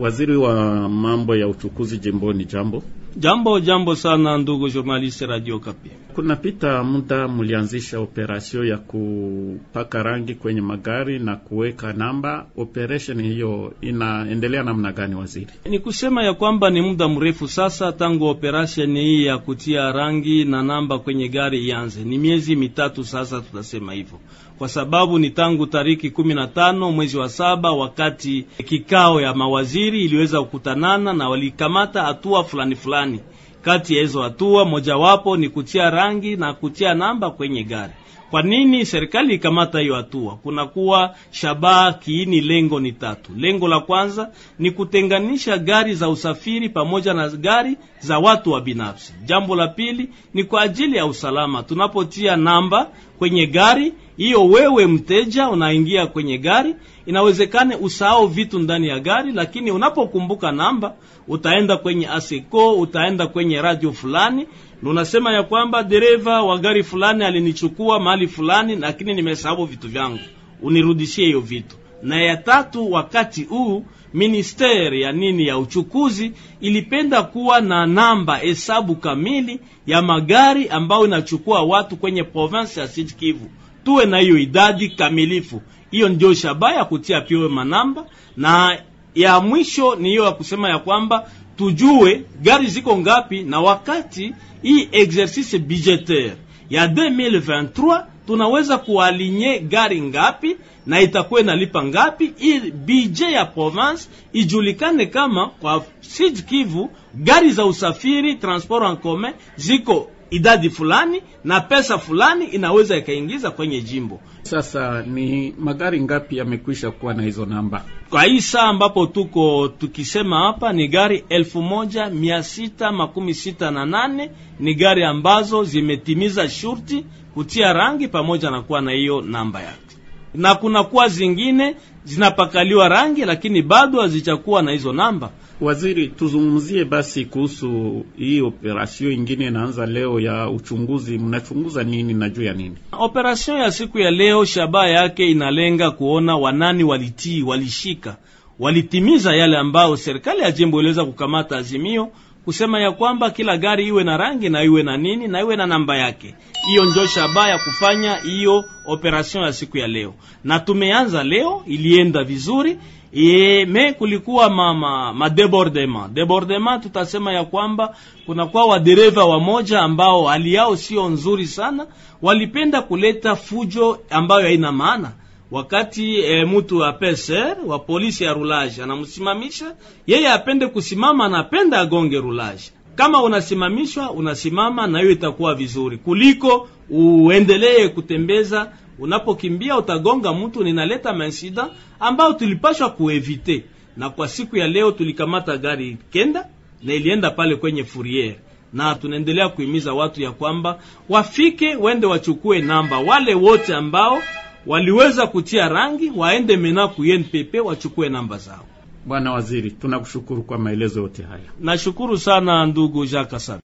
Waziri wa mambo ya uchukuzi jimboni, jambo. Jambo jambo sana ndugu journaliste Radio Kapi. Kunapita muda mulianzisha operasio ya kupaka rangi kwenye magari na kuweka namba. Operation hiyo inaendelea namna gani, waziri? Ni kusema ya kwamba ni muda mrefu sasa tangu operation hii ya kutia rangi na namba kwenye gari ianze. Ni miezi mitatu sasa, tutasema hivyo, kwa sababu ni tangu tariki kumi na tano mwezi wa saba wakati kikao ya mawaziri iliweza kukutanana na walikamata hatua fulani fulani fulani Kati ya hizo hatua mojawapo ni kutia rangi na kutia namba kwenye gari. Kwa nini serikali ikamata hiyo hatua? Kunakuwa shabaha kiini, lengo ni tatu. Lengo la kwanza ni kutenganisha gari za usafiri pamoja na gari za watu wa binafsi. Jambo la pili ni kwa ajili ya usalama. Tunapotia namba kwenye gari hiyo, wewe mteja unaingia kwenye gari, inawezekana usahau vitu ndani ya gari, lakini unapokumbuka namba utaenda kwenye ASECO, utaenda kwenye kwenye radio fulani na unasema ya kwamba dereva wa gari fulani alinichukua mahali fulani, lakini nimesahau vitu vyangu, unirudishie hiyo vitu. Na ya tatu, wakati huu ministeri ya nini ya uchukuzi ilipenda kuwa na namba hesabu kamili ya magari ambayo inachukua watu kwenye province ya Sud Kivu. Tuwe na hiyo idadi kamilifu. Hiyo ndio shabaha ya kutia piwe manamba, na ya mwisho ni hiyo ya kusema ya kwamba tujue gari ziko ngapi, na wakati hii exercice budgetaire ya 2023 tunaweza kualinye gari ngapi na itakuwa inalipa ngapi, ili budget ya province ijulikane kama kwa Sud Kivu gari za usafiri transport en commun ziko idadi fulani na pesa fulani inaweza ikaingiza kwenye jimbo. Sasa ni magari ngapi yamekwisha kuwa na hizo namba? Kwa hii saa ambapo tuko tukisema hapa ni gari elfu moja mia sita makumi sita na nane ni gari ambazo zimetimiza shurti kutia rangi pamoja na kuwa na hiyo namba yake na kuwa zingine zinapakaliwa rangi lakini bado hazichakuwa na hizo namba. Waziri, tuzungumzie basi kuhusu hii operasio ingine inaanza leo ya uchunguzi. Mnachunguza nini na juu ya nini? Operasio ya siku ya leo, shabaha yake inalenga kuona wanani walitii, walishika, walitimiza yale ambayo serikali ya jimbo iliweza kukamata azimio kusema ya kwamba kila gari iwe na rangi na iwe na nini na iwe na namba yake. Hiyo ndio shabaha ya kufanya hiyo operation ya siku ya leo, na tumeanza leo, ilienda vizuri e, me kulikuwa mama ma debordema debordema, tutasema ya kwamba kunakuwa wadereva wamoja ambao hali yao sio nzuri sana, walipenda kuleta fujo ambayo haina maana wakati e, mtu wa PSR wa polisi ya rulaje anamsimamisha yeye, apende kusimama, anapenda agonge rulaje. Kama unasimamishwa unasimama, na hiyo itakuwa vizuri kuliko uendelee kutembeza. Unapokimbia utagonga mtu, ninaleta mainsida ambayo tulipashwa kuevite. Na kwa siku ya leo tulikamata gari kenda na ilienda pale kwenye furiere na tunaendelea kuhimiza watu ya kwamba wafike, wende wachukue namba wale wote ambao waliweza kutia rangi waende mena ku UNPP wachukue namba zao. Bwana Waziri, tunakushukuru kwa maelezo yote haya. Nashukuru sana ndugu Jacques sana.